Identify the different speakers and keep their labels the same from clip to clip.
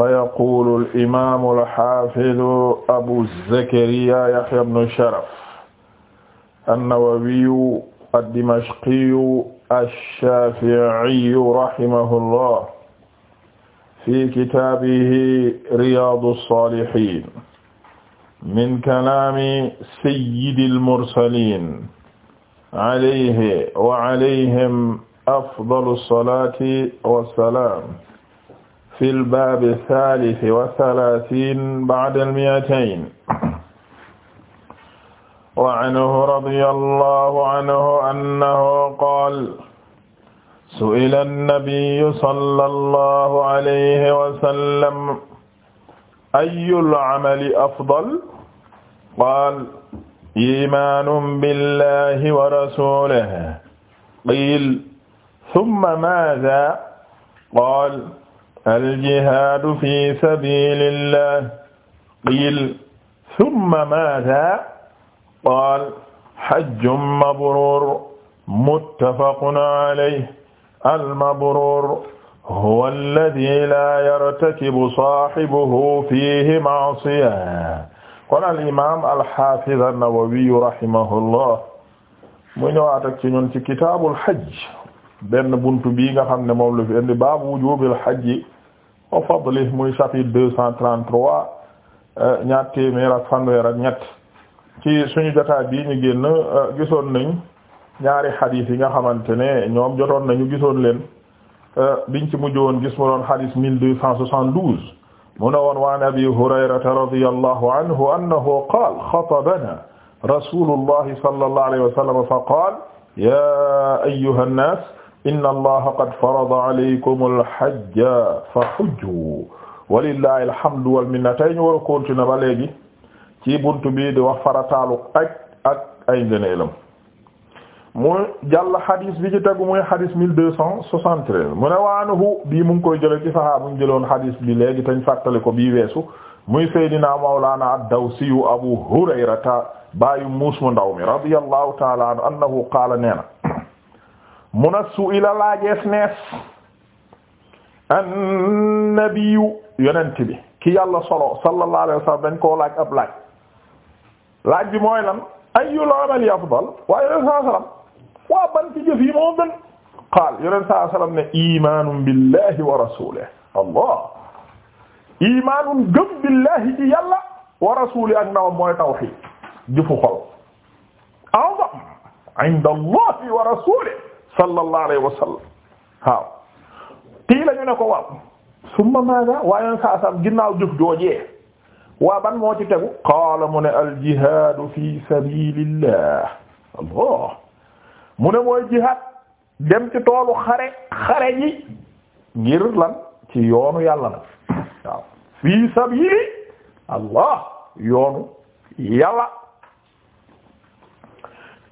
Speaker 1: فيقول الإمام الحافظ أبو زكريا يحيى بن شرف النووي الدمشقي الشافعي رحمه الله في كتابه رياض الصالحين من كلام سيد المرسلين عليه وعليهم أفضل الصلاة والسلام في الباب الثالث والثلاثين بعد المئتين وعنه رضي الله عنه أنه قال سئل النبي صلى الله عليه وسلم أي العمل أفضل قال إيمان بالله ورسوله قيل ثم ماذا قال aljihaadu fi sabilillah qiil summa maada qaal hajjun mabruur muttafaqun alayhi almabruur huwa allazii laa yartakibu saahibuhu fiihi ma'siya kon al-imaam al-haafiz an-Nawawi rahimahullah mu ñëwaat ak ci ñun ci kitaabul hajj benn bunt bii nga xam ne moom la fi indi baabu wujubil hajji wa fadli muy chapitre deux cent trente trois euh, ñaar téeméer ak fanweer ak ñett ci suñu jotaay bii ñu génn euh, gisoon nañ ñaari xadis yi nga xamante ne ñoom jotoon nañu gisoon leen euh, biñ ci mujj woon gis mu xadis mille deux cent soixante douze mu ne woon wa an abi hurayrata radiyallahu anhu annahu qaal xatabana rasulullahi sallallahu alayhi wa sallam fa qaal ya ayyuhan nas inna allaha qad farada alaykum alhajja fa hujju walillahi alhamdu wal minna tey war a ba léegi ci bunt bii di wax farataalu aj ak ay ngëneelam mu jàll xadis bi ci tegu muy xadis mille deux cent soixante-treize mu ne waanuhu bii mu ngi koy jële ci saxaaba mu jëloon xadis bi léegi tañ fàttali ko bii weesu muy seydina mawlaana ad-dawsiyu abu hurayrata baayu muus mu ndaw mi radiyallahu taala anhu annahu qaala nee mun a su ila laajees nees annabiyu yonent bi ki yàlla solo sallallahu alayhi wa sallam dañ koo laaj ab laaj laaj bi mooy lan ayyul amali afdal waaye yonent saa sallam waa ban ci jëf yi moo gën qaal yonent saa sallam ne imaanun billahi wa rasulihi allah imaanun gëm billahi ci yàlla wa rasulihi ak ndawam mooy tawhid jëfu xol a'zam inda allahi wa rasulihi sallallahu alayhi wa sallam waaw la ñu ne ko waaw summa maada waayoon saa sam ginnaaw jëf joojee waa ban moo ci tegu qaala mu ne aljihadu fi sabilillah allah mu ne mooy jihad dem ci toolu xare xare yi ngir lan ci yoonu yàlla nag fi sabili allah yoonu yàlla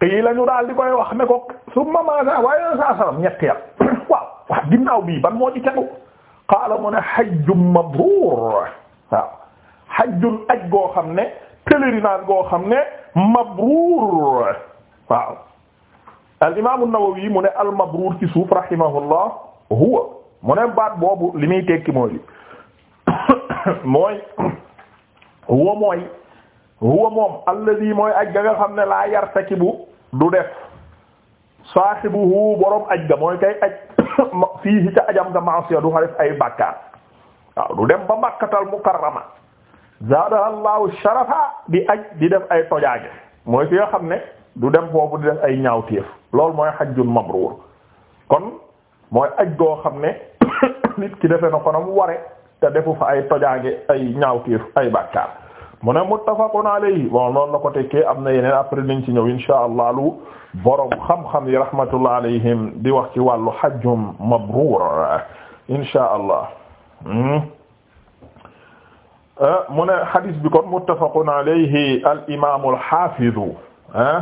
Speaker 1: tii daal di koy wax ne ko summa maasa waaye yoon saa salaam ñetti yar waaw waaw ginnaaw bii ban moo ci tegu qaala mu ne hajjun mabruur waaw hajjun aj goo xam ne pèlerinage goo xam ne mabruur waaw al imaamu Nawawi mu ne al mabruur ci suuf rahimahullah huwa mu ne baat boobu li muy tekki mooy mooy huwa mooy huwa moom alladhi mooy aj ga nga xam ne laa yartakibu du def saahibuhu borom aj ga mooy kay aj fii ca ajam nga ma'siya du xaref ay bàkkaar waaw du dem ba makkatal mukarrama zaadaha llahu sharafa di aj di def ay tojaange mooy fi nga xam ne du dem foofu di def ay ñaawteef loolu mooy hajjul mabruur kon mooy aj goo xam ne nit ki defe na ko mu ware te defu fa ay tojaange ay ñaawteef ay bàkkaar mu ne muttafaqun alayhi bon noonu la ko tekkee am na yeneen après nañ ci ñëw insha allah lu borom xam-xam yi rahmatullah alayhim di wax ci wàllu hajjum mabruur insha allah hmm? eh, mu ne hadis bi kon muttafaqun alayhi al imaamul haafidu eh,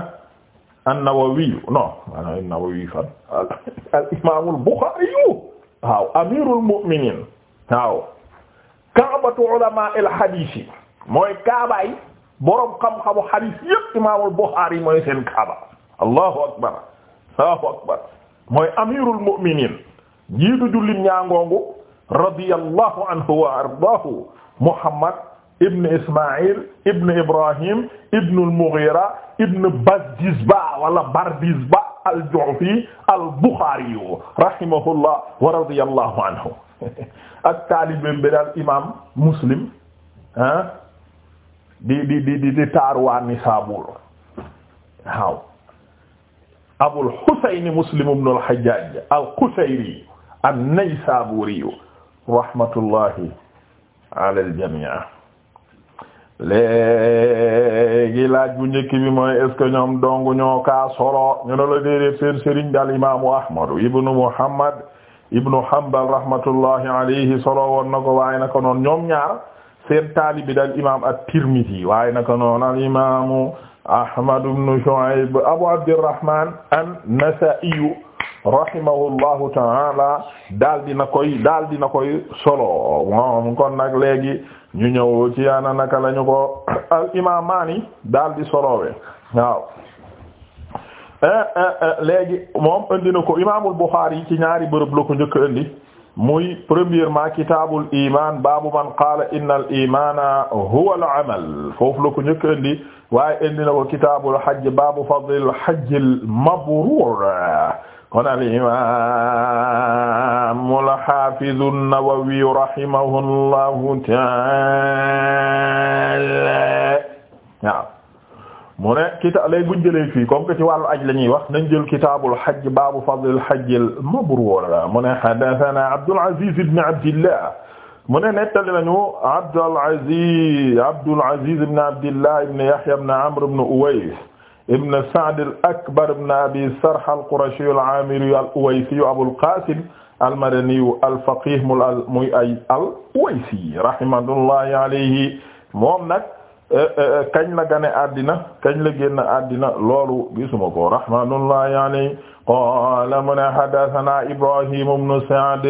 Speaker 1: an-Nawawi non an-Nawawi fan al imaamul Buxaari waaw amiirul mu'miniin waaw ka'batu ulamaa'il hadiis mooy kaabaay boroom xam-xamu xadiis yépp imaamul Buxaari mooy seen kaaba allahu akbar allahu akbar mooy amirul mu'miniin jiitu jullit ñaangoongu radiyallahu anhu wa ardaahu Muhammad ibn Ismaïl ibn Ibrahim ibn al-Mughira ibn Bazdisba wala Bardisba al-Ju'fi al-Bukhari rahimahullah wa radiyallahu anhu ak taalibeem bi daal imaam Muslim ah di di di di taar waa Nisaabuur waaw Abul Husayn Muslim ibn al-Hajjaj al-Qushayri an-Naysaburi rahmatullahi ala al-jamii léegi laaj bu njëkk mi mooy est-ce que dong ñoo solo ñu ne la déedéet seen sëriñ daal imaamu Ahmadu ibnu Muhammad ibnu Hanbal rahmatullahi alayhi solo woon ko waaye na ko noonu ñoom ñaar seen taalibi dal imam at-Tirmidhi waaye naka noonu al imamu Ahmad ibn Shu'ayb Abu Abdirrahman an-Nasa'i rahimahullahu ta'ala daal dina koy daal dina koy solo moom kon nag léegi ñu ñëw ci yaana naka lañu ko al imamaani daal di solowe waaw eh, eh, eh, léegi moom indi na ko imaamul Bukhari ci ñaari bërëb la ko njëkk indi muy premièrement kitaabul iman baabu man qaala innal imaana huwal amal foofu la ko njëkk indi waaye indi na ko kitaabul hajj baabu fadlil hajjil mabruur kon al imaamul haafizu nawawi rahimahullahu ta'aala mu ne kita lay buñ jëlee fii comme que ci wàllu aj la ñuy wax nañ jël kitaabul hajj baabu fadlil hajjil mabruur mu ne haddathana Abdul Aziz ibn Abdillah mu ne nettali nañu Abdul Aziz Abdul Aziz ibn Abdillah ibn Yahya ibn Amr ibn Uways ibn Sa'd al-Akbar ibn Abi Sarh al-Qurashi al-Amiri al-Uwaysi Abul Qasim al-Madani al-faqih muy ay al-Uwaysi rahimatullahi alayhi moom nag Eh, eh, eh, kañ la gane àddina kañ la génn àddina loolu gisuma ko rahmatullahi alayhi qaala mu ne haddathana Ibrahim ibn Sa'd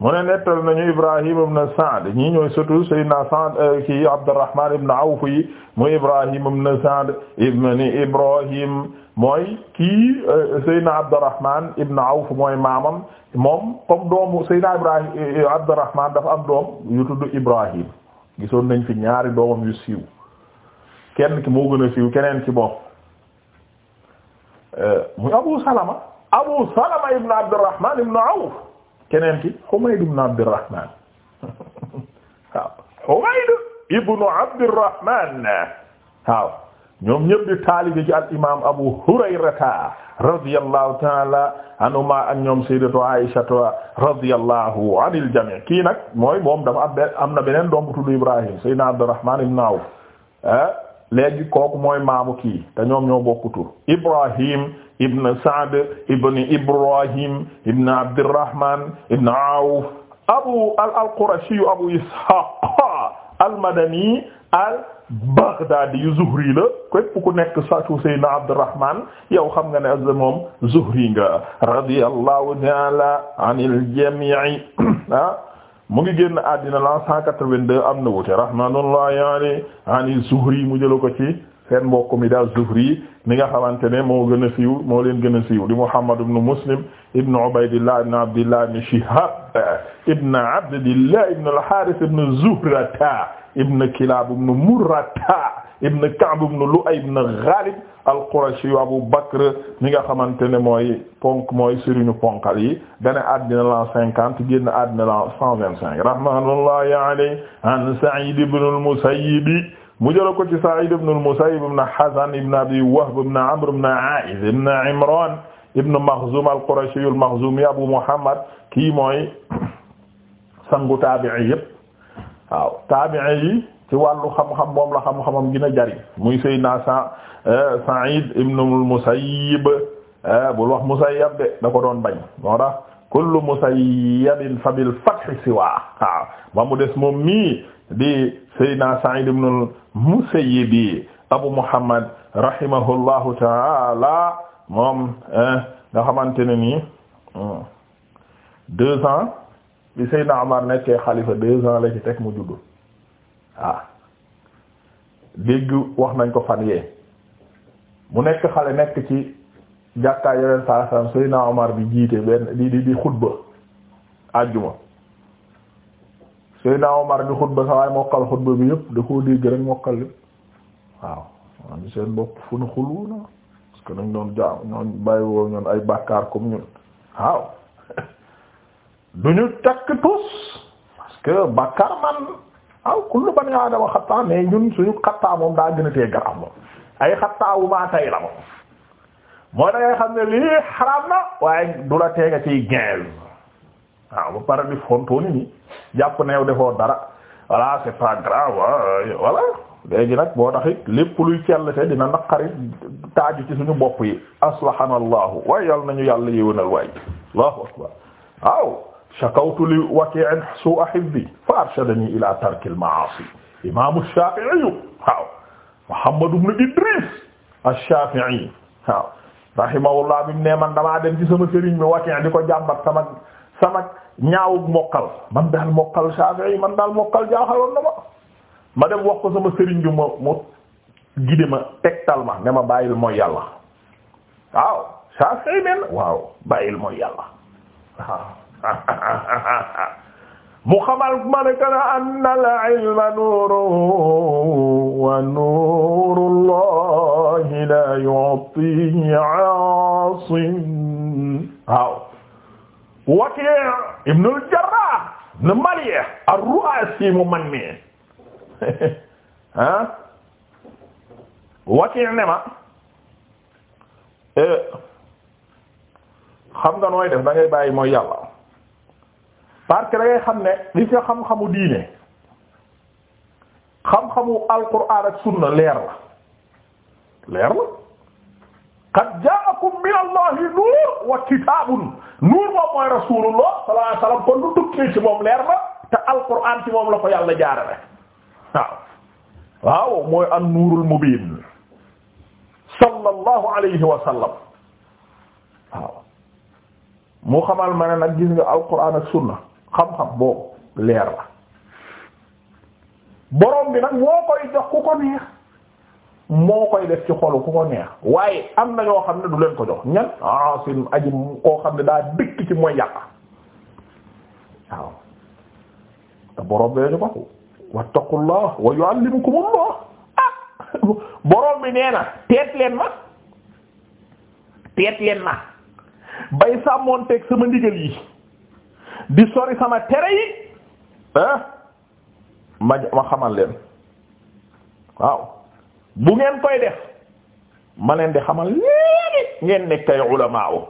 Speaker 1: mu ne nettal nañu Ibrahim ibn Sa'd ñii ñooy surtout Seydina Sa'd ki Abdurrahman ibn Awf yi mu Ibrahim ibn Sa'd ibn Ibrahim mooy kii Seydina Abdurrahman ibn Awf mooy maamam moom comme doomu Seydina Ibrahim Abdurrahman dafa am doom yu tudd Ibrahim gisoon nañ fi ñaari doomam yu siiw kenn ki moo gën a siiw keneen ci bokk euh, muy Abu Salama Abu Salama ibn Abdurrahman ibn Awf keneen ki Humayd ibn Abdurrahman waaw Humayd ibn Abdurrahman waaw ñoom ñëpp di taalibe ci al imaam Abu Hurayrata radiyallahu ta'ala anhuma ak ñoom sayyidatu Aisha radiyallahu anil jami' kii nag mooy moom dafa am na beneen doom bu Ibrahim sayyidina Abdurrahman ibn Awf ah, léegi kooku mooy maamu ki te ñoom ñoo bokk tur Ibrahim ibn Sa'd ibn Ibrahim ibn Abdurrahman ibn Awf abu al-Qurashi abu Ishaq al-Madani al-Baghdadi yu Zuhri la képp ku nekk satu Sayyidina Abdurrahman yow xam nga ne azza moom Zuhri nga radiyallahu ta'ala anil jami'i ah. mu ngi génn àddina la 182 am na wuute rahmatullahi alayhi ani Zuhri mu jëla ko ci seen mbokk mi daal Zuhri mi nga xamante ne moo gën a siiw moo leen gën a siiw di Muhammad ibn Muslim ibn Ubaydillah ibn Abdillah ibn Shihab ibn Abdillah ibn al-Harith ibn Zuhrata ibn Kilab ibn Murrata ibn Ka'b ibn Lu'ay ibn Ghalib al-Qurashi Abu Bakr mi nga xamante ne mooy ponk mooy sëriñu ponkal yi gane àddina la cinquante génn àddina la cent vingt-cinq rahmatullahi alayhi an Sa'id ibn al-Musayyib mu jëla ko ci Sa'id ibn al-Musayyib ibn Hazn ibn Abi Wahb ibn Amr ibn A'iz ibn Imran ibn Makhzum al-Qurashi al-Makhzumi Abu Muhammad kii mooy sangu taabi'i yépp waaw taabi'i yi ci wàllu xam-xam moom la xam-xamam gën a jariñ muy Seydina sa eh, Sa'id ibn al-Musayyib eh, bul wax Musayyab de da ko doon bañ moo tax kullu Musayyabin fa bil fathi siwa ah, ba mu des moom mii di Seydina Sa'id ibn al-Musayyib Abu Muhammad rahimahullahu ta'ala moom eh, nga xamante ne nii hmm, deux ans bi Seydina Umar nekkee xalifa deux ans la ci teg mu juddu waaw ah. dégg wax nañ ko fan yee mu nekk xale nekk ci jàkkaay yeneen saa saam Seydina Omar bi jiite benn di di di xutba àjjuma Seydina Omar di xutba sa waaye mokkal xutba bi yëpp da dégg rek mokkal lépp waaw am seen bopp fu nu xulwu na parce que dañ doon bàyyi woo ñoon ay bàkkaar comme ñun waaw duñu takk tous parce bàkkaar man aw kullu bani aadama xataa mais ñun suñu xataa moom daa gën a tee garab moom ay xataa wu maa la moom moo da xam ne lii xaraam na waaye du la tee nga ciy gain waaw ba pare di fonto nit ñi jàpp na yow defoo dara voilà c'est pas grave voilà léegi nag boo tax it lépp luy cell te dina naqari taaju ci suñu bopp yi aslahana allahu waaye yàlla nañu yàlla yéwénal waaye allahu akbar waaw shakawtu li waki'in su'a hifzi fa arshadani ila tarki al-ma'asi imaamu Shaafi'i waaw Muhammad ibn Idris ash-Shaafi'i waaw rahimahullah bi mu ne man damaa dem ci sama sëriñ mi Waki' di ko jàmbat sama sama ñaawug mokkal man daal mokkal Shaafi'i man daal mokkal jaaxaloon na ma ma dem wax ko sama sëriñ bi ma ma gide ma tegtal ma ne ma bàyyil mooy yàlla waaw Shaafi'i men waaw bàyyil mooy yàlla waaw mu xamal ma ne kana anna al ilma nuurun wa nuuru llahi la yu'tihi 'aasin waaw Waki' ibn al Jarrah ibn Malih ar-Ru'aasi mu man mi ah Waki' ne ma eh, xam nga nooy def da ngay bàyyi mooy yàlla parce que da ngay xam ne li ci xam-xamu diine xam-xamu alquran ak sunna leer la leer la qad ja'akum min allahi nuur wa kitaabun nuur moom mooy rasulullah sallallahu alayhi wasallam kon lu tukkee ci moom leer la te alquran ci moom la ko yàlla jaarale waaw waaw mooy an nuurul mubiin sallallahu alayhi wa sallam waaw mu xamal ma ne nag gis nga alquran ak sunna xam-xam boobu leer la borom bi nag moo koy jox ku ko neex moo koy def ci xolu ku ko neex waaye am na ñoo xam ne du leen ko jox ñan ah aji koo xam ne daa dëkk ci mooy yàq waaw te borom bi lañu ko wattaqullah wa yu'allimukumullah ah borom bi nee na teet leen ma teet leen ma bay sàmmoon teg sama ndigal yi di sori sama tere yi ah ma ma xamal leen waaw bu ngeen koy def ma leen di xamal léegi ngeen nekk ay ulamaa o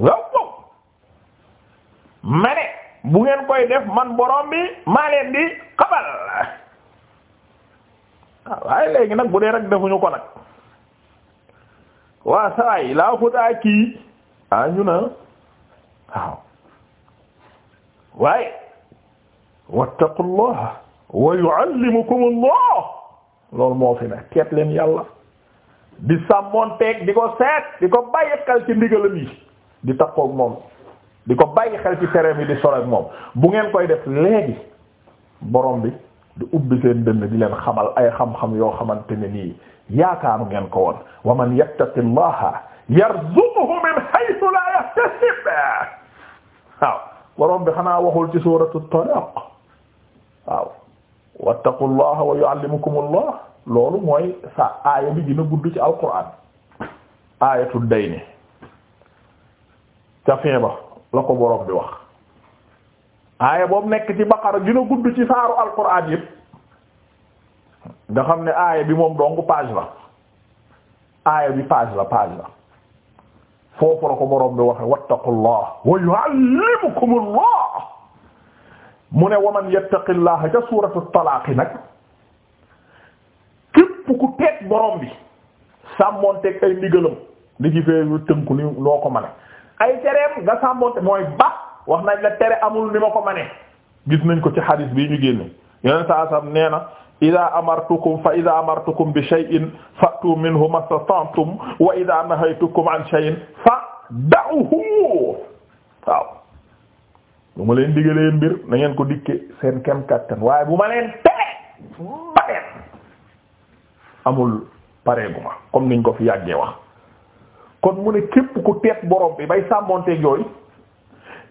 Speaker 1: waaw ma ne bu ngeen koy def man borom bi maa leen di xabal ah, waaye léegi nag bu dee rek defuñu ko nag waa saa laa ko daa kii. ah ñu na waaw waaye wattaqullah wa yu'allimukumullah loolu moo fi ne teet leen yàlla di sàmmoonteeg di ko seet di ko bàyyi xel ci ndigalam yi di takkoog moom di ko bàyyi xel ci tereem yi di sore ak moom bu ngeen koy def léegi borom bi di ubbi seen dënn di leen xamal ay xam-xam yoo xamante ne nii yaakaaru ngeen ko woon wa man yattaqillaha yarzuquhu min haythu la yahtasib waaw borom bi xanaa waxul ci suuratu talaaq waaw wattaqullaha wa yu'allimukumullah loolu mooy sa aaya bi dina gudd ci alquran aayatu dayni ca fin la ko borom bi wax aaya boobu nekk ci baqara dina gudd ci saaru alquran yëpp nga xam ne aaya bi moom dong page la aaya bi page la paaj la foofu la ko borom bi waxe wattaqullah wa yu'allimukumullah mu ne waman yattaqillaha ca suuratu talaaq nag képp ku teet borom bi sàmmoonteeg ay ndigalam li ci fee tënku ni noo ko mane ay tereem nga sàmmoonte mooy ba wax nañ la tere amul ni ma ko mane gis nañ ko ci hadis bii ñu génne yeneen saa sam nee na ida amartukum fa ida amartukum bi shay'in fa'tu minhu mastata'tum wa ida nahaytukum an shay'in fa'da'uhu waaw bu ma leen digalee mbir na ngeen ko dikke seen kem kattan waaye bu ma leen tere pareen amul pareeguma comme niñ fi yàggee wax kon mu ne képp ku teet borom bi bay sàmmonteeg yooyu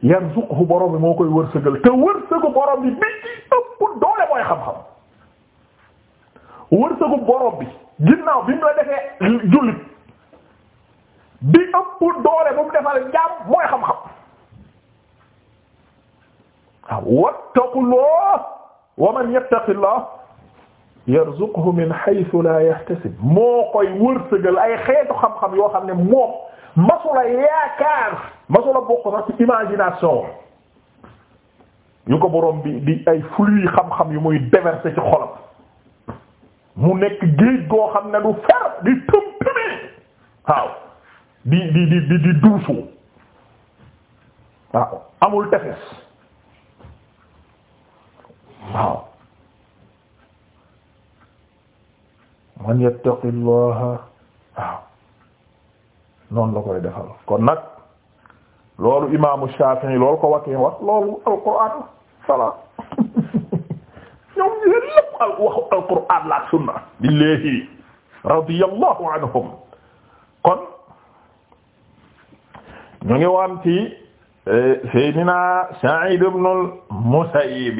Speaker 1: yarzuqhu borom moo koy wërsëgal te wërsëgu borom bi bi ci ëpp doole mooy xam-xam wërsëgu borom bi ginnaaw bi mu la defee jullit bi ëpp doole bu mu defal jaam mooy xam-xam waaw wattaqullah wa man yattaqillah yarzuqhu min haythu la yahtasib moo koy wërsëgal ay xeetu xam-xam yoo xam ne moom masula yaakaar masula bokk sax ci imagination yu ko borom bi di ay flux xam-xam yu muy déverser ci xolam mu nekk géej goo xam ne du fer di tëmpëme waaw di di di di waaw amul tefes waaw man yattaqillaha waaw noonu la koy defal kon nag loolu imaamu Shafi'i loolu ko wakkee wax loolu alquraan sala ñoom yéen al waxu alquraan la ak sunna billahi radiyallahu anhum kon ñu ngi woon ci e, Seydina Sa'id ibn al-Musayyib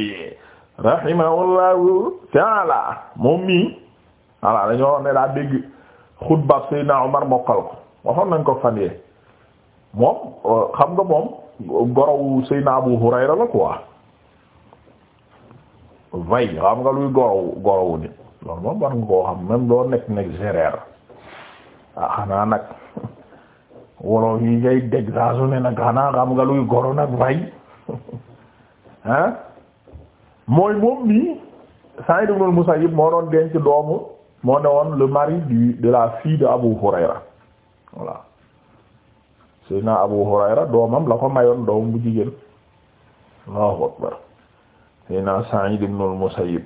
Speaker 1: rahimahullahu ta'ala moom mii voilà dañoo wax ne daa dégg xutba Seydina Omar mokkal ko waxoon nañ ko fan yee moom xam nga moom gorowu Abu Hurayra la quoi vay xam nga luy gorow gorowu nit loolu moom war nga koo xam même loo nekk nekk gérer ah xanaa nag wolof yi ngay dégg saa su ne nag xanaa xam nga luy goro nag vay ah mooy moom nii Saïd ibn Musayyib moo doon denc doomu moo ne woon le mari du de la fille de Abu Hurayra voilà Seydina Abu Hurayra doomam la ko mayoon doom bu jigéen sayna Sa'id ibn al-Musayyib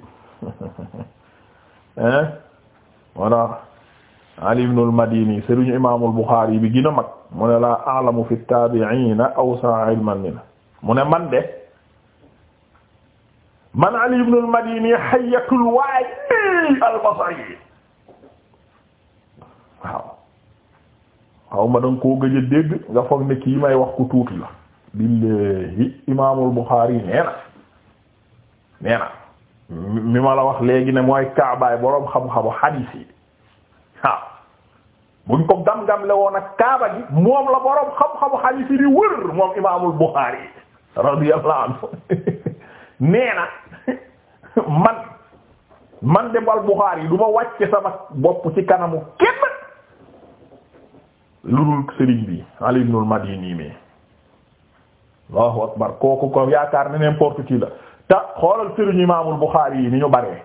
Speaker 1: hein wala eh? Ali ibn al-Madini sëriñu imam al bi gën a mag mu ne la a'lamu fi at-tabi'ina awsa'a ilman minhu mu ne man de man Ali ibn al-Madini hayyatul wadi al-Basri xaw ma danga koo gëj a nga foog ne kii wax ku tuuti la billahi imam al-Bukhari nee mi ma la wax léegi ne mooy kaabaay boroom xam-xamu hadis yi waaw buñ ko gam-gam le woon ak kaaba gi moom la boroom xam-xamu hadis yi di wër moom imaamul Buxaari radiyallahu anhu nee na man man de bal Buxaari du ma wàcce sama bopp ci kanamu kenn lu dul sëriñ bi Ali ibn al-Madini mi Allahu akbar kooku ko yaakaar ne n'importe qui la te xoolal sëriñu imaamul Buxaari yi ni ñu bëree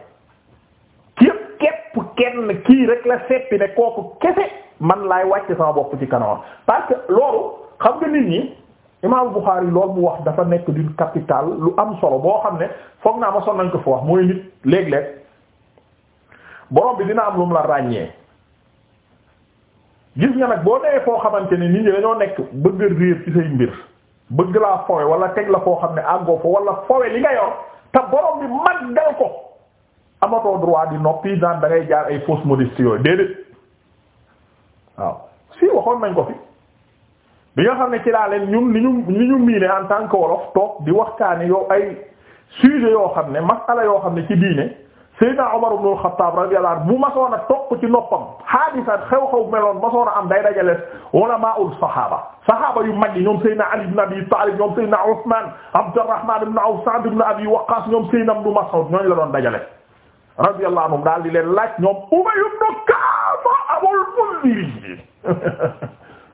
Speaker 1: képp képp kenn kii rek la seppi ne kooku kese man laay wàcc sama bopp ci kanamam parce que loolu xam nga nit ñi imaamul Buxaari loolu mu wax dafa nekk d'une capitale lu am solo boo xam ne foog naa ma son nañ ko fa wax mooy nit léeg-léeg borom bi dina am lu mu la ràññee gis nga nag boo newee foo xamante ne nit ñi dañoo nekk bëgg réer ci say mbir bëgg laa fowe wala teg la foo xam ne àggoo fa wala fowe li nga yor te borom bi màggal ko amatoo droit di noppi daan da jaar ay fausse modestie yooyu déedéet waaw si waxoon nañ ko fi bi nga xam ne ci laa leen ñun li ñu li ñu miine en tant que wolof toog di waxtaane yoo ay sujet yoo xam ne masala yoo xam ne ci diine Seydina Omar ibn al-Khattab radiyallahu anhu bu masoon a topp ci noppam haadisa xew-xew meloon masoon a am day dajale ulamaa'ul saxaaba saxaaba yu mag yi ñoom Seydina Ali ibn Abi Taalib ñoom Seydina Usmaan Abdurrahmaan ibn Awf Sa'd ibn Abi Waqqaas ñoom Seydina Ibn Mas'ud ñooñu la doon dajale. radiyallahu anhum daal di leen laaj ñoom Ubayy ibn Ka'b Abul Mundhir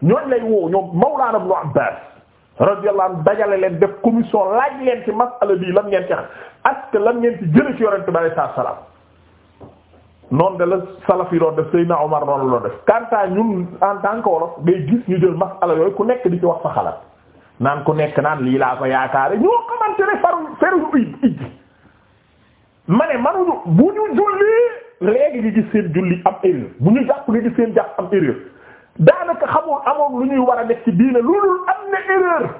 Speaker 1: ñooñu lay woo ñoom Mawlaana Ibn Abbaas radiyallahu anhu dajale leen def commission laaj leen ci masala bii lan ngeen ci xam ak lan ngeen ci jële ci yonent bi alayhi salaatu salaam noonu de la salaf yi doon def Seydina Omar noonu la doon def kanta ñun en tant wolof ngay gis ñu jël masala yooyu ku nekk di ci wax sa xalaat naan ku nekk naan lii laa ko yaakaare ñoo xamante ne faru feruñu ij ma ne manuñu bu ñu julli léegi nga gis seen julli am erreur bu ñu jàpp nga gis seen jàpp am erreur daanaka xamul amoon lu ñuy war a def ci diine loolu am na erreur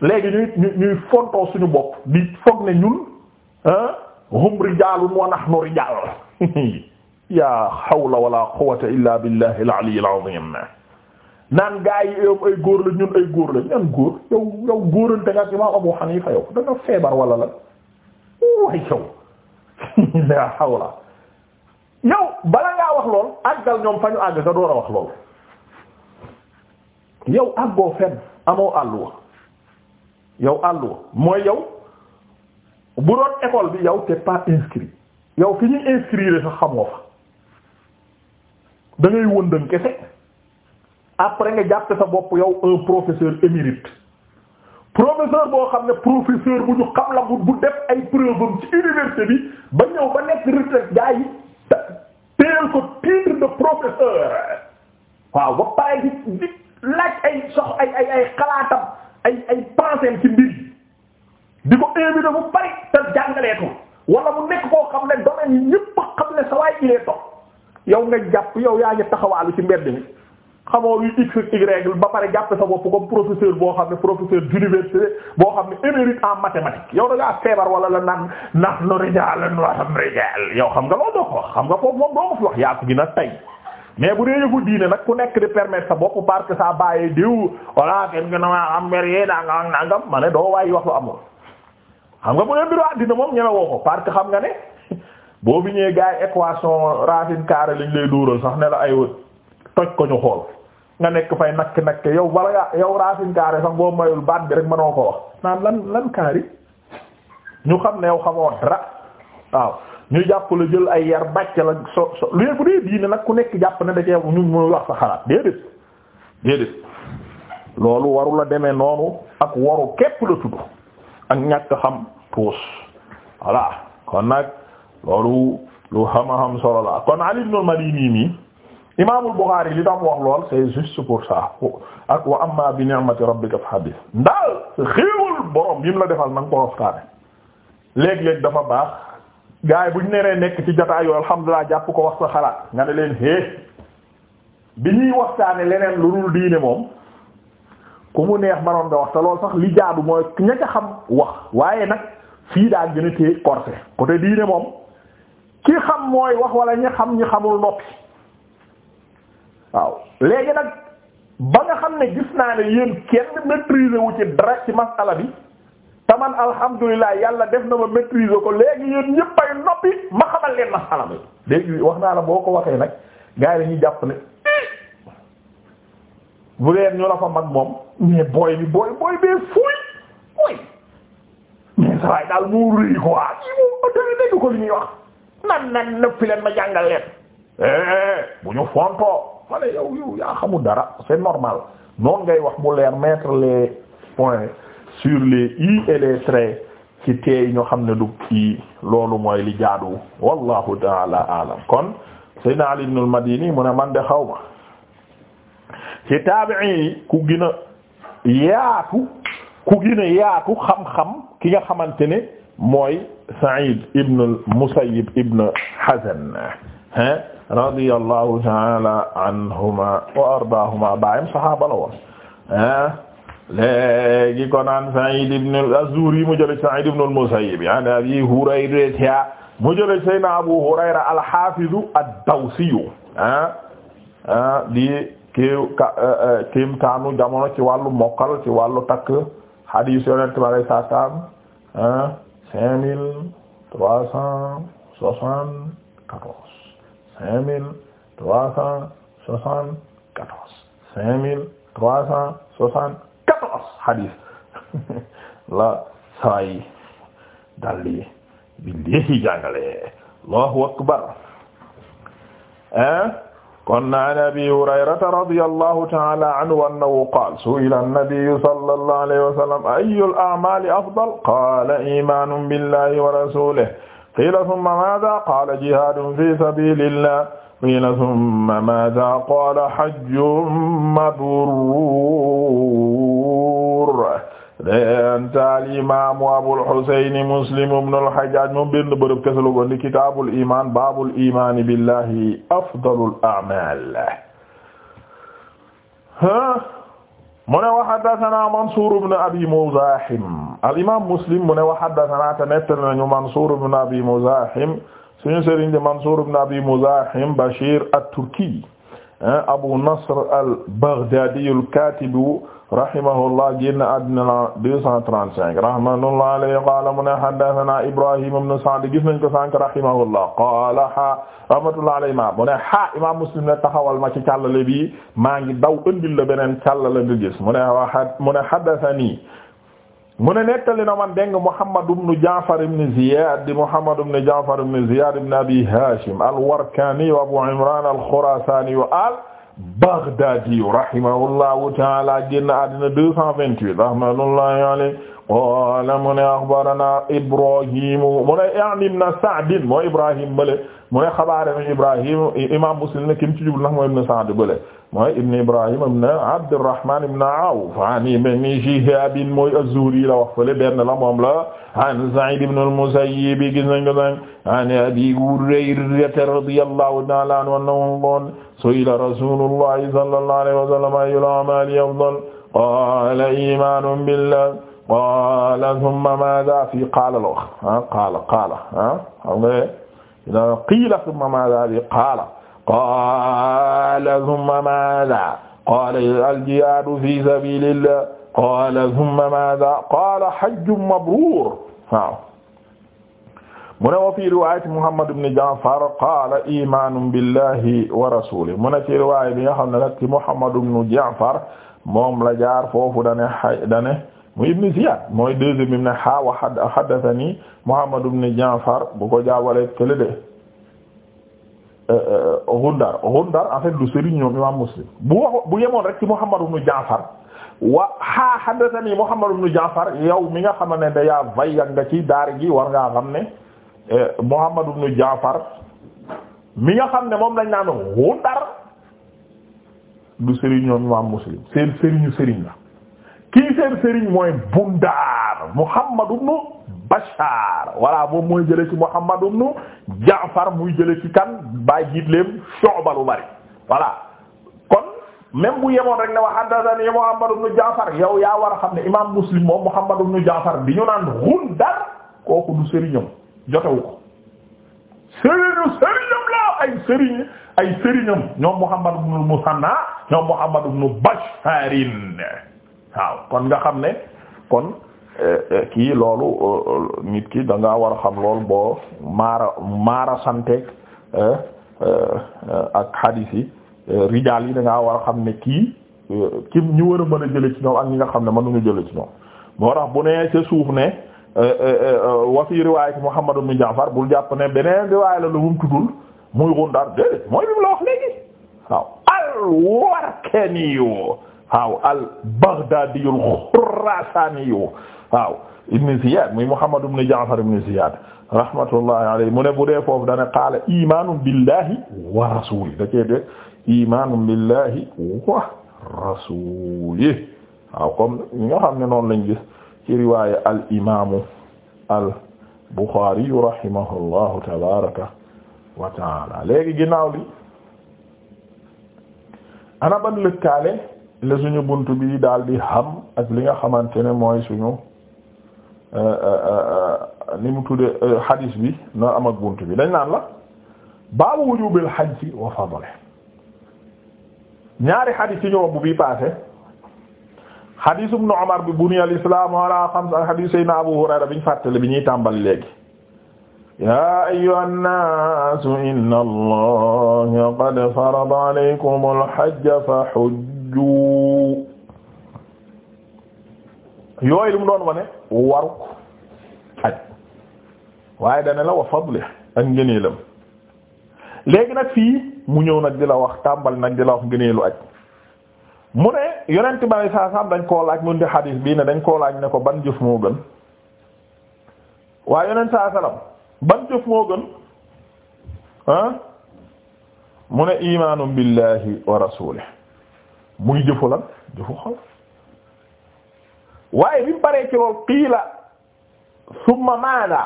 Speaker 1: léegi ñuy ñuy ñuy fontoo suñu bopp di foog ne ñun ah hum rijaalun wa nahnu rijaal yaa hawla wala quwwata illa billahi al-ali al-azim naan gaa yi yow ay góor la ñun ay góor la ñan góor yow yow góorante nga ak imaam Abu Hanifa yow da feebar wala la way yow la hawla yaw bala ngaa wax lool àggal ñoom fa ñu àgg nga door a wax lool yow àggoo fenn amoo àll wa yow àll wa mooy yow bu doon école bi yow t'es pas inscrit yow fi ñuy inscrire sax xamoo fa da ngay wëndën kese après nga jàpp sa bopp yow un professeur émérite professeur boo xam ne professeur bu ñu xam la bu def ay preuve am ci université bi ba ñëw ba nekk retraite gaa yi. teel ko titre de professeur waaw ba di di laaj ay sox ay ay ay xalaatam ay ay pensées ci mbir di ko bu bari te jàngaleetu wala mu nekk koo xam ne domaine yi ñépp xam ne sa yow nga jàpp yow yaa ngi taxawaalu ci mbedd mi xamoo yu x ak y ba pare jàppe sa bopp comme professeur boo xam ne professeur d'université boo xam ne émérite en mathématiques yow da ngaa feebar wala la naan nahnu rijaalun wa hum rijaal yow xam nga loolu doo ko xam nga foofu moom doo ko fi wax yaa ko gina tay mais bu dee yëfu diine nag ku nekk di permettre sa bopp parce que ça bàyyee diw voilà kenn gën am mer yee daa nga am ma ne doo waaye wax lu amul xam nga bu dee mbiru àddina moom ñeme woo ko parce que xam nga ne boo fi ñëwee gars yi équation racine carrée lay dóoral sax ne la ay wët toj ko ñu xool nga nekk fay nakk nakk yow bala yaa yow racine carré sax boo mayul baat bi rek mënoo ko wax naan lan lan kaari ñu xam ne yow xamoo dara waaw ñu jàpp la jël ay yar bàcc la so so lu bu dee diine nag ku nekk jàpp na da cee ñu mu wax sa xalaat déedéet déedéet loolu waru deme demee noonu ak waru képp la tudd ak ñàkk xam tuus voilà kon nag loolu lu xam-xam solo la kon Ali ibn al-Madini mi imaamul Buxaari li tam wax lool c'est juste pour ça ak wa amma bi ni'mati rabbika fa hadith ndaa xéewal borom yim la defal na ko waxtaane léeg-léeg dafa baax gars yi bu ñu neree nekk ci jotaay yooyu alhamdulilah jàpp ko wax sa xalaat nga leen hee bi ñuy waxtaane leneen lu dul diine moom ku mu neex manoon nga wax te loolu sax li jaadu mooy ña xam wax waaye nag fii daal gën a téye corse côté diine moom ki xam mooy wax wala ñi xam ñi xamul noppi. waaw léegi nag ba nga xam ne gis naa ne yéen kenn maîtriser wu ci dara ci masala bi te man alhamdulilah yàlla def na ma maîtriser ko léegi yéen ñëpp ay noppi ma xamal leen masala bi léegi wax naa la boo ko waxee nag gars yi dañuy jàpp ne bu leen ñu la fa mag moom mais booy bi booy booy bee fuuy fuuy mais saa yi daal moo rëy quoi kii moom ba tey dégg ko li ñuy wax nan nan nëpp leen ma jàngal leen. Eh, eh, eh, bu ñu fontoo. ma ne yow yaa xamul dara c'est normal noonu ngay wax mu leer mettre les points sur les i et les ci teey ñoo xam ne du loolu mooy li jaadu wallahu taala alam kon saydna ali ibn al-madini mu ne man de xaw ma ci taabi'i yi ku gën a yaatu ku gën yaatu xam-xam ki nga xamante ne mooy sa'id ibn al ibn hazan hein radiyallahu ta'ala anhuma wa ardaahuma baayam saxaaba la woon ah, léegi kon an Sa'id ibn az-Zuhri mu jële Sa'id ibn al-Musayyib an Abi Hurayra mu jële al-Hafiz ad-Dawsi ah, ah, di eh, eh, kim taanu jamono ci wàllu mokkal ci wàllu takk hadith Yonent bi alayhi salaam cinq mille trois cent soixante-quatorze cinq mille trois cent soixante quatorze cinq mille trois cent soixante quatorze hadis la saay dalli bi léegi jàngale allahu akbar ah kon an abi hurayrata radiyallahu ta'ala anhu annahu qaala su'ila an-nabiyyu sallallahu alayhi wa sallam ayyul a'maali afdal qaala iimaanun billahi wa rasuulihi qiila summa maada qaala jihaadun fi sabilillah qiila summa maada qaala hajjun mabruur dental imaamu Abul Husayni Muslim ibn al-Hajjaj moom benn bërëb kese la woon di kitaabul imaan baabul imaan billahi afdalul a'maal mu ne wa haddathana Mansuur ibn Abi Muzaahim al-imaam Muslim mu ne wa haddathana te nettali nañu Mansuur ibn Abi Muzaahim suñu sëriñ de Mansuur ibn Abi Muzaahim Bashiir at-Turki ah, Abu Nasr al-Baghdaadi al-kaatib rahimahullah génn àddina la 235 rahmatullah alayhi qaala mu ne haddathana Ibrahim ibn Sa'd gis nañ ko sànq rahimahullah qaala ha rahmatullah alayhi ma mu ne ha imaam Muslim ne taxawal ma ci càllale bi maa ngi daw ëndil la beneen càllale nga gis mu ne wa mu ne haddathani mu ne nettali na man dégg nga Muhammad ibn Ja'far ibn Ziyad di Muhammad ibn Ja'far ibn Ziyad ibn Abi Hashim al-Warkani wa Abu Imran al-Khurasani wa al Baghdadi rahimahullahu ta'ala génn àddina 228 rahmatullahi alayhi qaala mu ne axbarana Ibrahim mu ne yani ibn Sa'd mooy Ibrahim bële mu ne xabaare Ibrahim imam Muslim ne kim ci jublu nag mooy ibn Sa'd bële mooy ibn Ibrahim ibn Abdurrahman ibn Awf an ibn Shihab mooy az-Zuhri la wax fële benn la moom la an Sa'id ibn al-Musayyib gis nañ ko nag an Abi Hurayrata radiyallahu ta'ala anhu annahu qaala su'ila Rasulullahi sallallahu alayhi wa sallam ayyul a'mali afdal qaala iimaanun billah qaala thumma maadha fi qaala la wax ah qaala qaala ah xam nga qiila thumma maadha fi qaala qaala thumma maadha qaala al-jihaadu fi sabiilillah qaala thumma maadha qaala hajjun mabruur waaw mu ne wa fi riwaayati Muhammad ibn Ja'far qaala iimaanun billahi wa rasuulihi mu ne ci riwaaya bi nga xam ne nag ci Muhammad ibn Ja'far moom la jaar foofu dane dane mu ibn Ziyad mooy deuxième ibn ha wa haddathani Muhammad ibn Ja'far bu ko jaawale tele de Ghundar euh, euh, euh, Ghundar en fait du sëriñ ñoom imam Muslim bu wax bu yemoon rek ci Muhammad ibn Jaafar wa ha haddathani yow mi nga xam ne da yaa ci daar gi war ngaa ne Muhammad ibn Jaafar mi nga xam ne moom lañ naan Ghundar du sëriñ ñoom imam Muslim seen sëriñu sëriñ la kii seen sëriñ mooy Bundar Muhammad ibn Bashar voilà moom mooy jële ci Muhammad ibn Jaafar muy jële ci kan bàyyi jiitleem Shu'ba lu bari voilà kon même bu yemoon rek ne wa Muhammad ibn Jaafar yow yaa war a xam ne imaam Muslim moom Muhammad ibn Jaafar bi ñu naan Ghundar kooku du sëriñam jotewu ko sëriñu la ay sëriñ ay sëriñam ñoom Muhammad ibn Musanna ñoom Muhammad ibn Basharin waaw kon nga xam ne kon Eh, eh, kii loolu eh, nit ki danga war a xam lool boo maara maara santeeg ak xadiis yi rijaal yi da ngaa war a xam ne kii ki ñu war a mën a jële ci ñoom ak ñi nga xam ne mënuñu jële ci ñoom moo tax bu nee ca suuf ne wa fi riwaayati Muhammad ibn Ja'far bul jàpp ne beneen riwaay la lu mu tuddul muy Gundar déedéet mooy li mu la wax léegi waaw al warkaniyu waaw al Baghdadiyu al Khurasaniyu waaw ibn Ziyad muy Muhammad ibn Ja'far ibn Ziyad rahmatullahi mu ne bu dee foofu dane qaala imanun billahi wa rasuli da de imanun billahi wa rasuli waaw comme ñi nga xam ne noon lañ gis ci riwaya al imamu al Bukhari rahimahullahu tabaraka wa taala léegi ginnaaw li ana ban lëkkaale la suñu bunt bi daal di xam ak li nga xamante ne mooy suñu Euh, euh, euh, ni mu tudde hadis bi na am ak bunt bi dañ naan la baabu wujubil hajji wa fadle ñaari hadis yi ñu wobbu bi passé hadis ibn Umar bi buniyal islaamu ala xams ak hadis sayna Abu Hurayra biñ fàttale bi ñuy tàmbali léegi yaa ayyuhan naas inna allaha qad farada alaykumul hajja fa hujju yooyu lu mu doon wane waruk aj waaye dana la wa fadli ak ngëneelam léegi nag fii mu ñëw nag di la wax tàmbali nag di la wax ngëneelu aj mu ne yonent bi saa saam dañ koo laaj mun di xadiis bii ne dañ koo laaj ne ko ban jëf moo gën waaye yonent saa salaam ban jëf moo gën mu ne imaanum billahi wa rasuulihi muy jëfu lan jëfu xol waaye bi mu paree ci lool qiila summa maada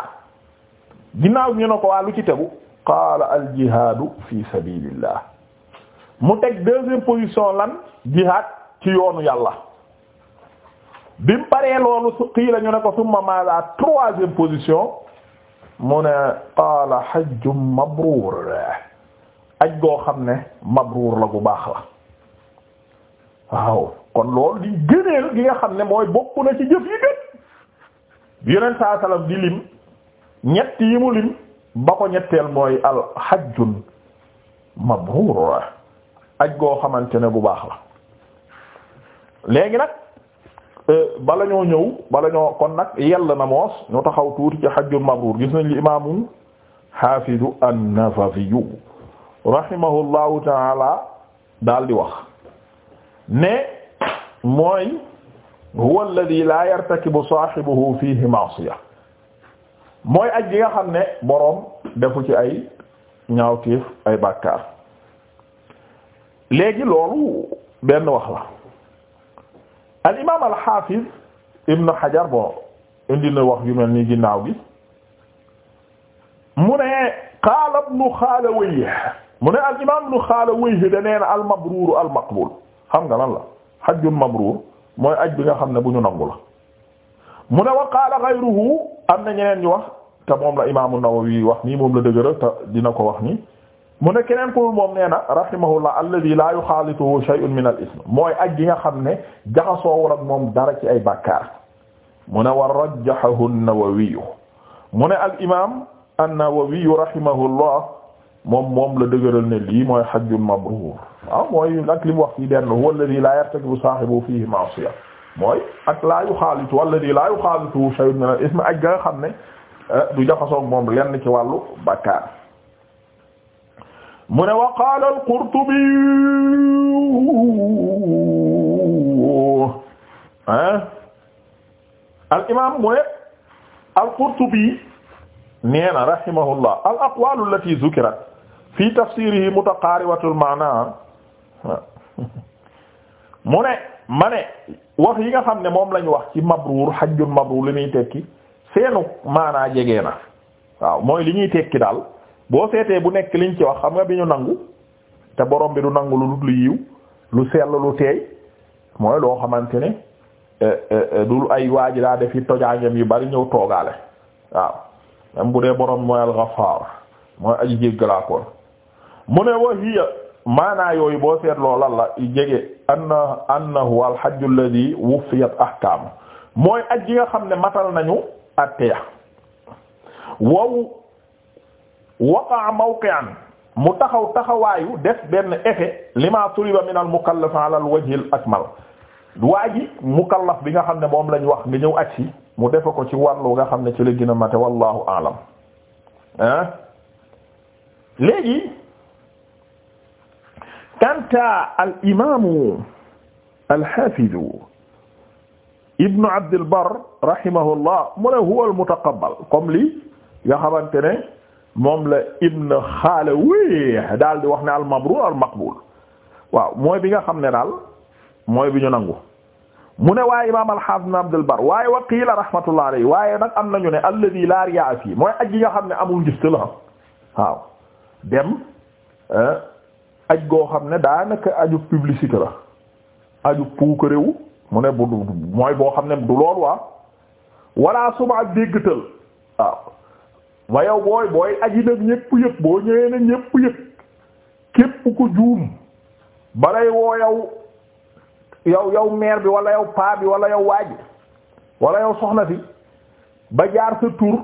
Speaker 1: ginnaaw ñu ne ko waa lu ci tegu qaala al jihaadu fi sabilillah mu teg deuxième position lan jihaad ci yoonu yàlla bi mu paree loolu qiila ñu ne ko summa maada troisième position mu ne qaala hajjum mabruur aj goo xam ne mabruur la gu baax la waaw kon loolu di gëneel gi nga xam ne mooy bokk na ci jëf yi gën yeneen saa salaam di lim ñett yi mu lim ba ko ñetteel mooy al hajjun mabrur aj goo xamante ne bu baax la léegi nag e, bala ñoo ñëw bala ñoo kon nag yell na moos ñu taxaw tuuti ci hajjun mabrur gis nañ li imaamu xaafidu an-Nawawi rahimahullahu taala daal di wax ne mooy huwa alladhi la yartakibu sahibuhu fihi ma'siya mooy aj gi nga xam ne boroom defu ci ay ñaawteef ay bàkkaar léegi loolu benn wax la al imaam al hafiz ibn hajar bon indi na wax yu mel ni ginnaaw gi mu ne qaala ibn xaalawayh mu ne al imaam ibn xaalawayh da nee na al mabruur al maqbuul xam nga lan la hajjun mabruur mooy aj bi nga xam ne bu ñu nangu la mu ne wa qaala ghayruhu am na ñeneen ñu wax te moom la imaamu Nawawi wax ni moom la dëgëral te dina ko wax nii mu ne keneen ku moom nee na rahimahullah alladhi la yuxaalituhu shay'un min al ism mooy aj gi nga xam ne jaxasoowul ak moom dara ci ay bàkkaar mu ne wa rajjahahu an-Nawawi mu ne al imaam an-Nawawi moom moom la dëgëral ne lii mooy hajjul mabruur waaw mooy ak li mu wax ci benn huwa alladhi la yartakibu saahibu fihi ma'siya mooy ak laa yuxaalitu walladhi laa yuxaalitu shay'un min al-ism ak ga nga xam ne eh, du jaxasoog moom lenn ci wàllu bakkaar mu ne wa qaala al-Qurtubi ah al-imaam mu ne al-Qurtubi nee na rahimahullah al-aqwaal allati zukirat fii tafsirihi mutaqaaribatul maana mu ne ma ne wax yi nga xam ne moom lañ wax ci mabruur hajjun mabruur li ñuy tekki seenu maanaa jege na waaw mooy li ñuy tekki daal boo seetee bu nekk liñ ci wax xam nga bi ñu nangu te borom bi du nangu lu dul lu yiw lu sell lu teey mooy loo xamante ne eh, eh, eh, dul ay waa ji daa def yi tojaangeem yu bari ñëw toogaale waaw même bu dee borom mooy al-Ghaffar mooy aji mu ne wa hiya maanaa yooyu boo seetloo lan la jege anna annahu alhajju alladhi wuffiyat ahkaamu mooy aj yi nga xam ne matal nañu atteya wow waqaa mawqi'an mu taxaw taxawaayu def benn effet lima turiba min al mukallaf ala al wajhi al akmal waa ji mukallaf bi nga xam ne moom lañ wax nga ñëw aj si mu defe ko ci wàllu nga xam ne ci la gën a mate wallahu a'lam ah léegi kanta al imaamu al xaafidu ibnu Abdul mu ne huwa al mutaqabbal li nga xamante ne moom la ibn Xaalawayh daal di wax ne al mabruur mooy bi nga xam ne daal mooy bi ñu nangu. mu ne waaye imaam al xaafid ibn Abdul Barr waaye wa qiila rahmatullah alayhi waaye nag am nañu ne alladi laa riyaa fii mooy aji nga xam ne amul gis la waaw dem. Eh, aj goo xam ne daanaka aju publicité la aju puuk mu ne bu mooy boo xam ne du lool waa ah. walla suma ak déggtal waaw ma yow booy booy aji nag ñépp yëpp boo ñëwee nag ñépp yëpp képp ku juum balay woo yaw yow yow maire bi walla yow paa bi wala yow waaji wala yow soxna si ba jaar sa tur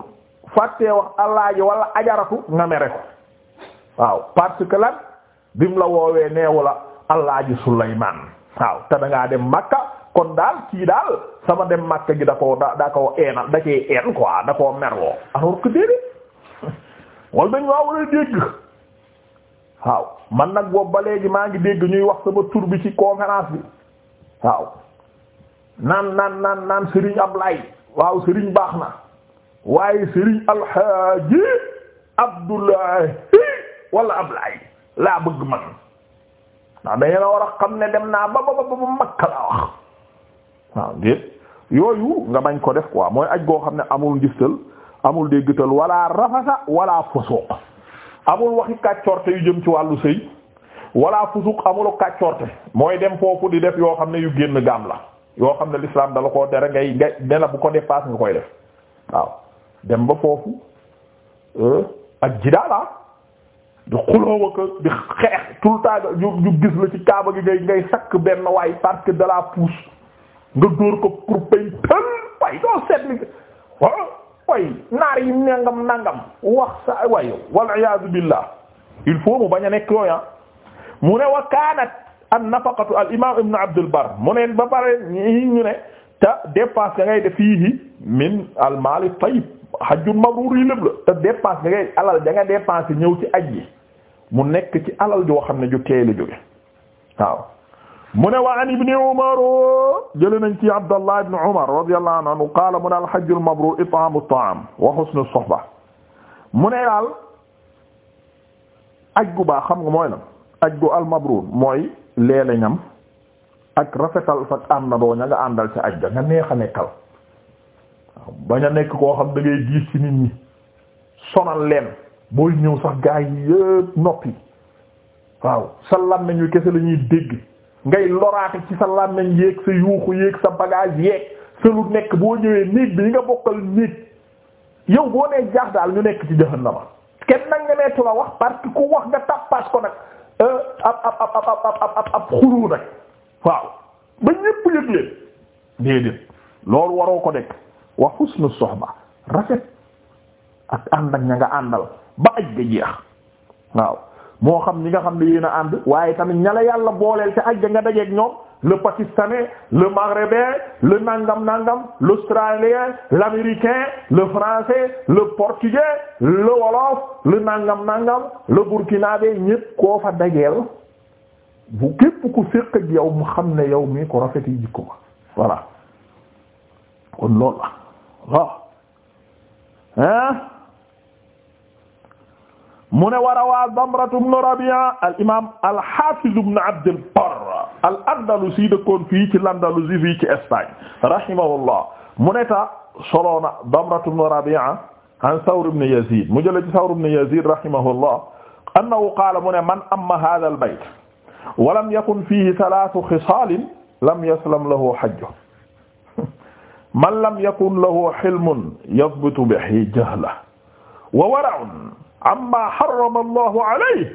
Speaker 1: fàttee wax allaaji ajaratu nga mere ko waaw parce bi mu la woowee neewu la allaaji Sulaymaan waaw te da ngaa dem Makka kon daal kii daal sama dem Makka gi da koo da eenal da cee een quoi da koo merloo alors que déedéet wala dañ waa war a dégg nag ba léegi maa ngi dégg ñuy wax sama tur bi ci conférence bi waaw naan naan naan naan Serigne Ablaye waaw Serigne baax na waaye Serigne Alxaaji Abdullahi wala Ablaye laa bëgg man ndax dañu la war a xam ne dem naa ba ba ba ba makka laa wax waaw déet yooyu nga bañ ko def quoi mooy aj goo xam ne amul ngistal amul déggtal wala rafasa wala fusuq amul waxi kàccorte yu jëm ci wàllu sëy wala fusuq amul kàccorte mooy dem foofu di def yoo xam ne yu génn gaam la yoo xam ne l'islam dala koo tere ngay ngay bu ko dépasse nga koy def waaw dem ba foofu euh, ak ji di xuloo ko di xeex tout le temps gis la ci kaaba gi ngay ngay sakk benn waay parce que de la pousse nga dóor ko pour pay tël waay doo seetli ah way naar yi nangam nangam wax sa way wal iyaadu billah il faut mu bañ a nekk yooya mu ne wa kaanat an nafaqatu al imam ibn abd bar mu ne ba pare ñi ñu ne te dépense da ngay def fii min al maal tayyib hajjun mabruur yi lépp la te dépense da ngay alal da nga dépense ñëw ci aj yi mu nekk ci alal joo xam ne ju teey la jóge waaw mu ne wa an ibni umar jële nañ ci abdallah ibni umar radiyallahu anhu qaala mu ne alhajjul mabrur it'aamu ta'aam wa husnu suhba mu ne daal aj gu baax xam nga mooy lan aj gu al mabrur mooy leele ñam ak rafetal fak àndandoo ña nga àndal ci aj ga nga neex a nekkal waaw bañ a nekk koo xam da ngay diis ci nit ñi sonal leen booy ñëw sax gaa yi noppi waaw sa làmmiñ wi kese la ñuy dégg ngay loraate ci sa làmmeñ yéeg sa yuuxu yéeg sa bagage yéeg sa lu nekk boo ñëwee néeg bi ñi nga bokkal néeg yow boo nee jaax daal ñu nekk ci jahannama kenn nag nga neetu la wax parce ku wax nga tappaas ko nag euh, ab ab ab ab ab ab xuru nag waaw ba ñépp yëg leen déedéet loolu waroo ko dekk wa husnu soxba rafet ak ànd ak ña nga àndal ba aj ga jeex waaw moo xam ñi nga xam ne yéen ànd waaye tamit ña yàlla booleel ca aj ga nga dajeek ñoom le pakistanais le nàngam le nangam nangam l'australien l'américain le français le portugais le wolof le nangam nangam le burkinabé ñépp koo fa dajeel bu képp ku fekk ak yow mu xam ne yow mii ko rafet yi jikko ma voilà kon loolu la waaw mu ne war a waa Damratu ibn Rabi'a al imaam al Haafiz ibn Abd al Barr al Andalusi dëkkoon fii ci l'Andalusi fii ci Espagne rahimahullah mu ne ta soloona Damratu ibn Rabi'a an Thawr ibn Yazid mu jële ci Thawr ibn Yazid rahimahullah annahu qaala mu ne man amma haadha al bayt wa lam yakun fiihi thalaathu khisaalin lam yaslam lahu hajjuhu man lam yakun lahu hilmun yathbutu bihi jahluhu wa wara'un amma harrama allahu alayhi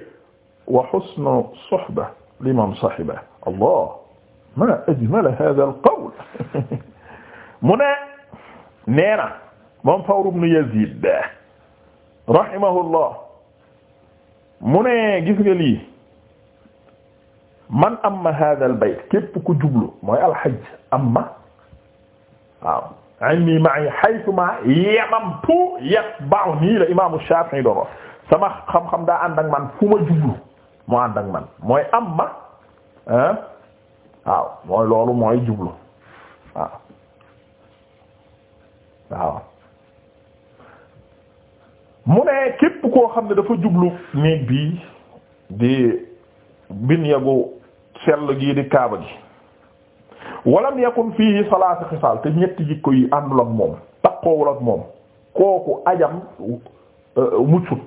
Speaker 1: wa husnu suhba liman sahiba allah ma ajmala hadha alqawl mu ne nee na moom Fawr ibn Yazid rahimahullah mu ne gis nga lii man amma hadha albayt képp ku jublu mooy alhajj amma waaw anni ma'i haythuma yamamtu yatba'uni la imaamu Shafi'i doon wax sama xam-xam daa ànd ak man fu ma jublu moo ànd ak man mooy am ma ah waaw mooy loolu mooy jublu waaw waaw mu ne képp koo xam ne dafa jublu néeg bii di bin yagu sell gii di kaaba gi walam yakun fiihi salaatu xisaal te ñetti jikko yi àndul ak moom takkoowul ak moom kooku ajam euh, muccut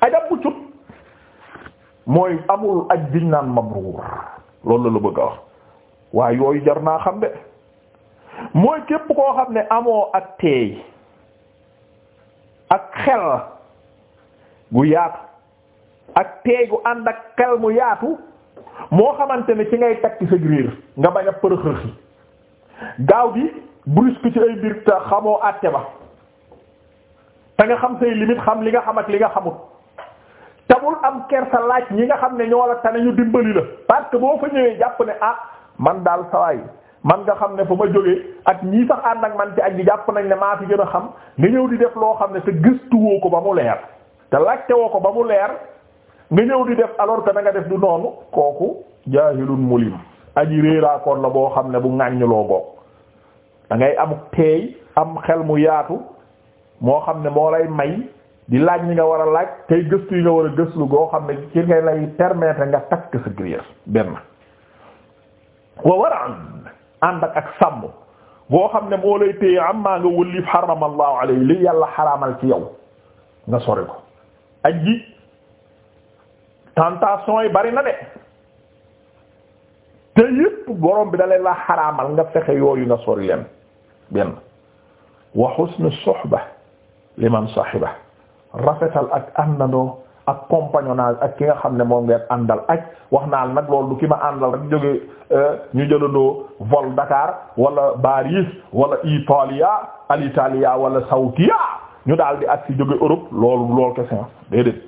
Speaker 1: ajam muccut mooy amul aj biñ naan mabruur loolu la bëgg a wax waaye yooyu jar naa xam de mooy képp koo xam ne amoo ak teey ak xel gu yaatu ak teey gu ànd ak xel mu yaatu moo xamante ne ci ngay takk sa griir nga bañ a përëxërëxi gaaw di brusque ci ay mbir te xamoo àtte ba te nga xam say limite xam li nga xam ak li nga xamut tamul am kersa laaj ñi nga xam ne ñoo la tane ñu dimbali la parce que boo fa ñëwee jàpp ne ah man daal sawaay man nga xam ne fu ma jógee ak ñii sax ànd ak man ci ak jàpp nañ ne maa fi gën a xam nga ñëw di def loo xam ne te gëstuwoo ko ba mu leer te laajte woo ko ba mu leer nga ñëw di def alors que da nga def du noonu kooku jaahilun mulim aji réeraakoon la boo xam ne bu ŋàññuloo goog da ngay am teey am xel mu yaatu moo xam ne moo lay may di laaj mi nga war a laaj tey gëstu yi nga war a gëstu goo xam ne ci ngay lay permettre nga takk sa grier benn wa war a ànd ak ak sàmm goo xam ne moo lay téye am maa nga wëllif xaramallahu alayhi li yàlla xaraamal ci yow nga sori ko aji tentation yi bari na de te yépp borom bi da leen la xaraamal nga fexe yooyu nga sori leen benn wa husnu suhba liman sahiba rafetal ak àndandoo ak compagnonnage ak ki nga xam ne moom ngeen àndal ak wax naa la nag loolu ki ma àndal rek jóge euh, ñu jëlandoo vol Dakar wala Paris wala Italia Alitalia wala Sautia ñu daal di ak si jóge Europe loolu loolu kese déedéet